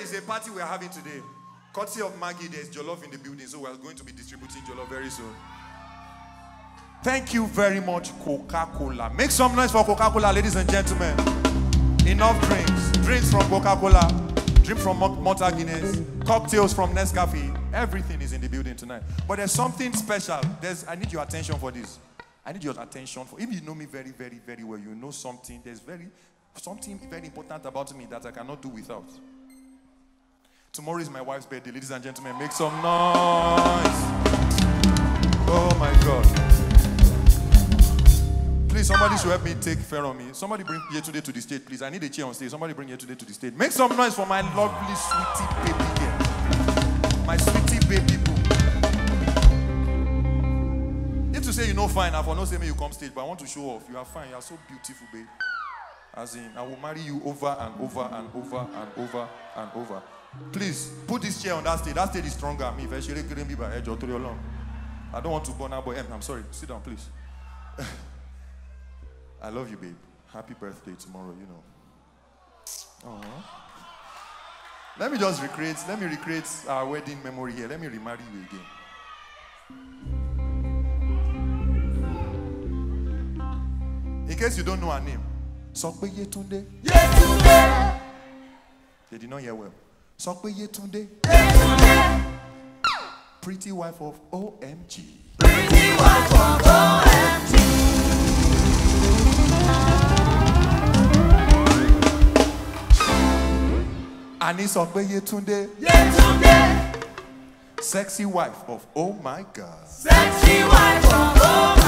is a party we're having today. Courtesy of Maggie, there's Jollof in the building, so we're going to be distributing Jollof very soon. Thank you very much, Coca Cola. Make some noise for Coca Cola, ladies and gentlemen. Enough drinks. Drinks from Coca Cola, drink from Monta Guinness, cocktails from Nescafe. Everything is in the building tonight. But there's something special. There's, I need your attention for this. I need your attention for. If you know me very, very, very well, you know something. There's very, something very important about me that I cannot do without. Tomorrow is my wife's birthday, ladies and gentlemen. Make some noise. Oh my God. Please, somebody should help me take care of me. Somebody bring here today to the stage, please. I need a chair on stage. Somebody bring here today to the stage. Make some noise for my lovely, sweetie baby girl. My sweetie baby boo. If to say you know fine, I have no say me you come stage, but I want to show off. You are fine. You are so beautiful, babe. As in, I will marry you over and over and over and over and over. Please put this chair on that stage. That stage is stronger than me. I don't want to burn out, but I'm sorry. Sit down, please. I love you, babe. Happy birthday tomorrow, you know. Uh-huh. Let me just recreate, let me recreate our wedding memory here. Let me remarry you again. In case you don't know her name, Sokpe Yetunde. Yetunde! They did not hear well sọ pé Yétúndé. Yétúndé. Pretty wife of OMG. Pretty wife of OMG. Àní sọ today. Yétúndé. Yétúndé. Sexy wife of Oh My God. Sexy wife of Oh My God.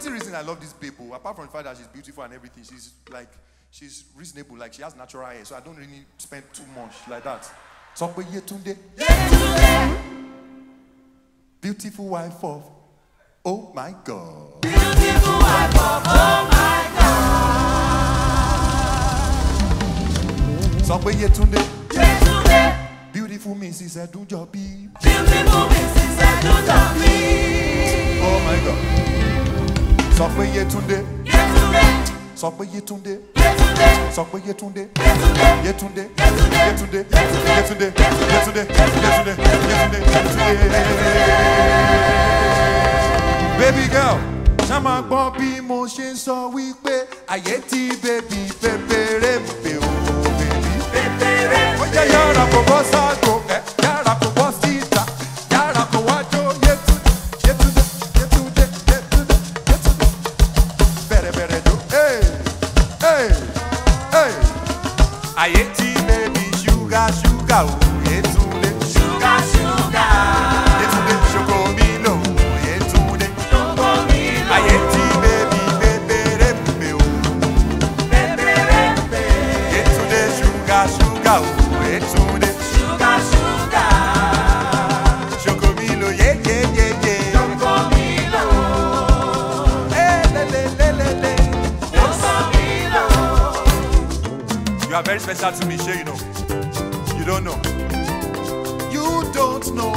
plenty reason I love these people. Oh, apart from the fact that she's beautiful and everything, she's like, she's reasonable. Like, she has natural hair, so I don't really spend too much like that. So, but Yetunde. Yetunde. Beautiful wife of, oh my God. Beautiful wife of, oh my God. So, but Yetunde. Yetunde. Beautiful Mrs. Edunjobi. Beautiful Mrs. Edunjobi. Oh my God. sọ pé Yétúndé sọ pé Yétúndé sọ pé Yétúndé Yétúndé Yétúndé Yétúndé Yétúndé Yétúndé Yétúndé Yétúndé. baby girl ṣá máa gbọ́ bí mo ṣe ń sọ wípé àyè ti bèbí pépéré pé o bèbí pépéré ó jẹ́ yọ̀rọ̀ kò bọ́ sáàgò ẹ̀. I ate baby sugar, sugar. special to me, sure you know. You don't know. You don't know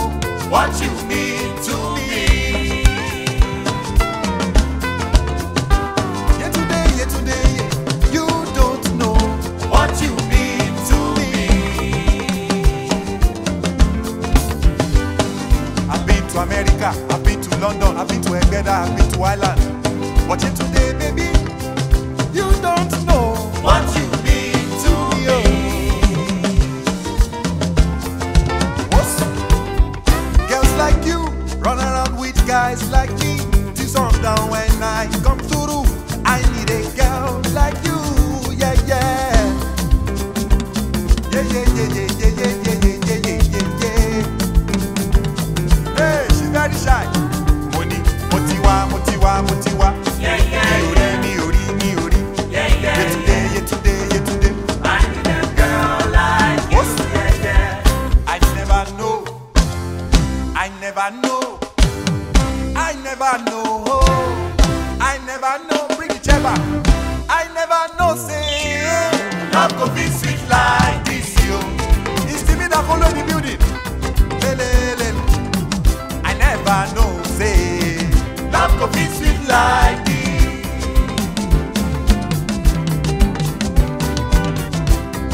what you mean to me. I never know. Oh. I never know. Bring it ever. I never know. Say, love could be sweet like this, you. It's the me that follow the building. Le, le, le. I never know. Say, love could be sweet like this.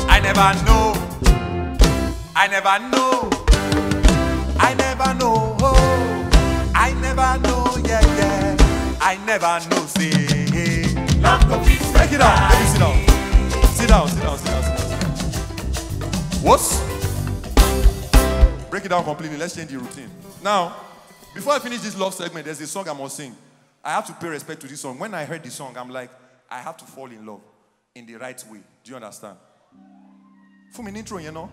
I never know. I never know. I never know. I never know say. Love Break it down. Let me sit down. Sit down. Sit down. Sit down. Sit down. What? Break it down completely. Let's change the routine. Now, before I finish this love segment, there's a song I must sing. I have to pay respect to this song. When I heard this song, I'm like, I have to fall in love in the right way. Do you understand? For me, intro, you know.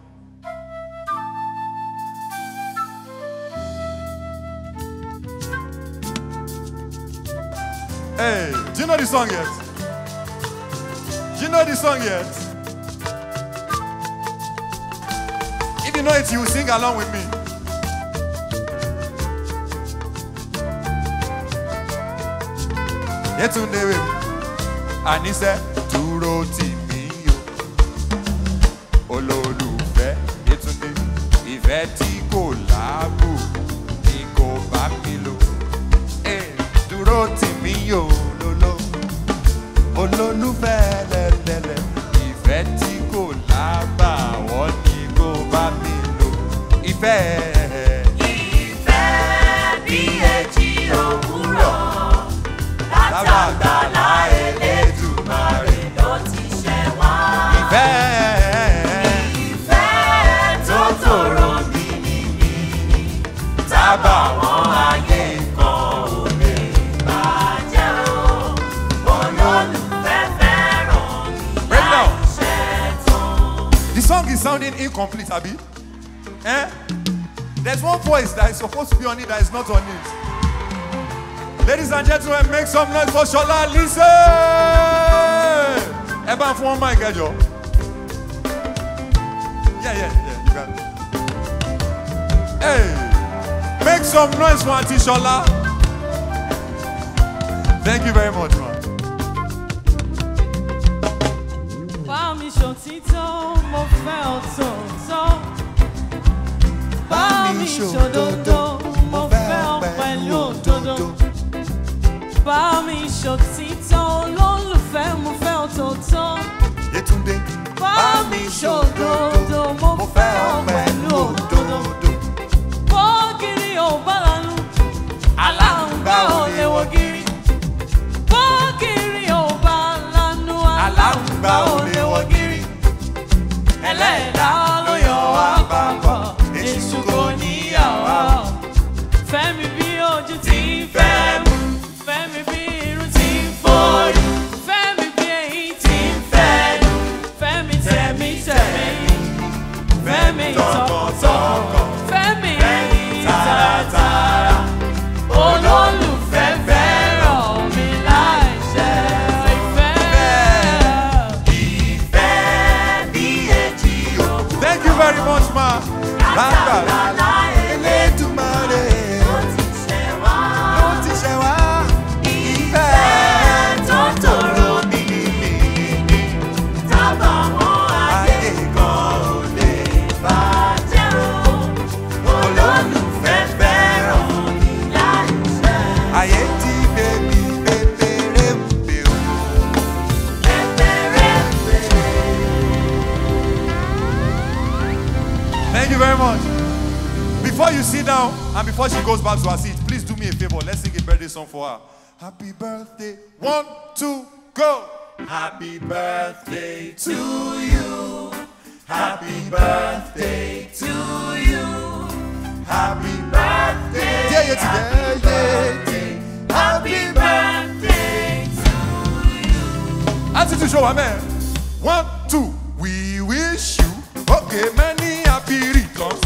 Hey, do you know this song yet? Do you know this song yet? If you know it, you sing along with me. Yetunde on ani se dúró tì mí o olólùfẹ́ Yetunde ìfẹ́ tí kò láàbù ni kò bá mi lò dúró mi lo duro tí ò lóló olólùfẹ́ lẹ́lẹ́lẹ́ ìfẹ́ tí kò lábàwọ́n ni kò bá mi lò ìfẹ́ ẹ̀. song is sounding incomplete, Abby. Eh? There's one voice that is supposed to be on it that is not on it. Ladies and gentlemen, make some noise for Shola. Listen! Eban fún ọmọ ìkẹjọ. Yeah, yeah, yeah, you got it. Hey! Make some noise for Auntie Shola. Thank you very much, man. ti ṣòtítọ́ mo fẹ́ òtòótọ́. Bá mi ṣòdodo mo fẹ́ ọ pẹ̀lú òdodo. Bá mi ṣòtítọ́ olólùfẹ́ mo fẹ́ òtòótọ́. Terminator. Before you sit down and before she goes back to her seat, please do me a favor. Let's sing a birthday song for her. Happy birthday. One, two, go. Happy birthday to you. Happy birthday to you. Happy birthday. Yeah, yeah, happy yeah, birthday. Yeah. Happy birthday to you. Answer to show, amen. One, two. We wish you okay, many happy returns.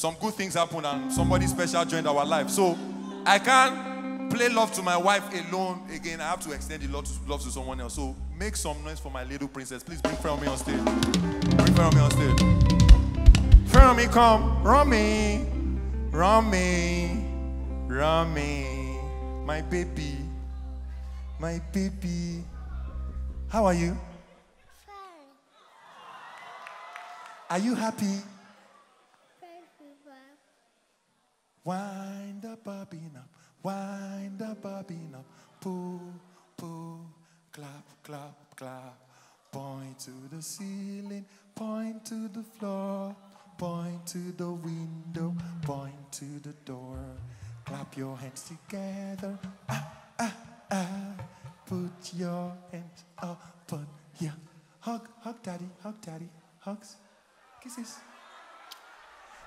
Some good things happened and somebody special joined our life. So I can't play love to my wife alone again. I have to extend the love to, love to someone else. So make some noise for my little princess. Please bring Fẹ́rànmi on stage. Bring Fẹ́rànmi on stage. Fẹ́rànmi, come. Run me. Run My baby. My baby. How are you? Fine. Are you happy? Wind up, bobbing up, wind up, bobbing up, pull, pull, clap, clap, clap. Point to the ceiling, point to the floor, point to the window, point to the door. Clap your hands together, ah, ah, ah. Put your hands up, Put yeah. Hug, hug daddy, hug daddy, hugs, kisses.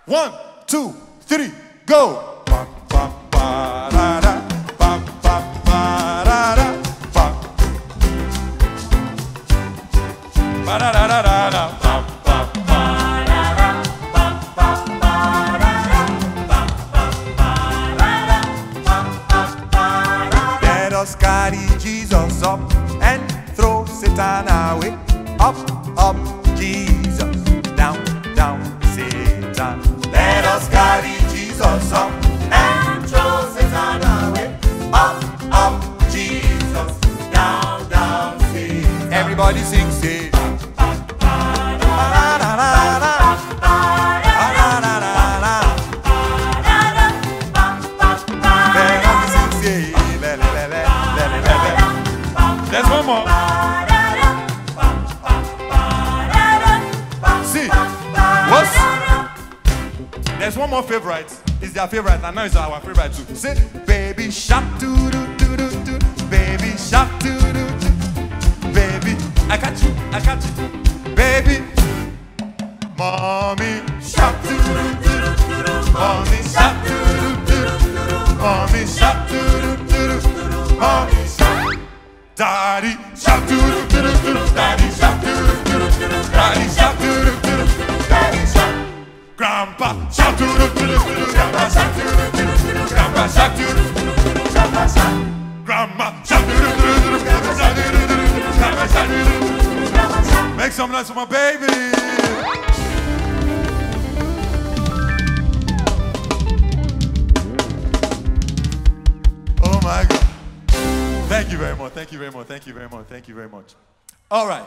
One, two, three, go. Ba, ba, ba, There's one more favorite. It's their favorite, and now it's our favorite too. Say, baby shark doo doo doo doo doo, baby shark doo doo doo, baby. I catch you, I catch you, baby. Mommy shark doo doo doo doo, mommy shark doo doo doo, mommy shark doo doo doo, mommy shark. Daddy shark doo doo doo doo, daddy shark doo doo doo, daddy shark. Sapa, Satu, Grandma, Satu, Grandma, Satu, Grandma, Make some noise for my baby. Oh Thank you very much. Thank you very much. Thank you very much. Thank you very much. All right.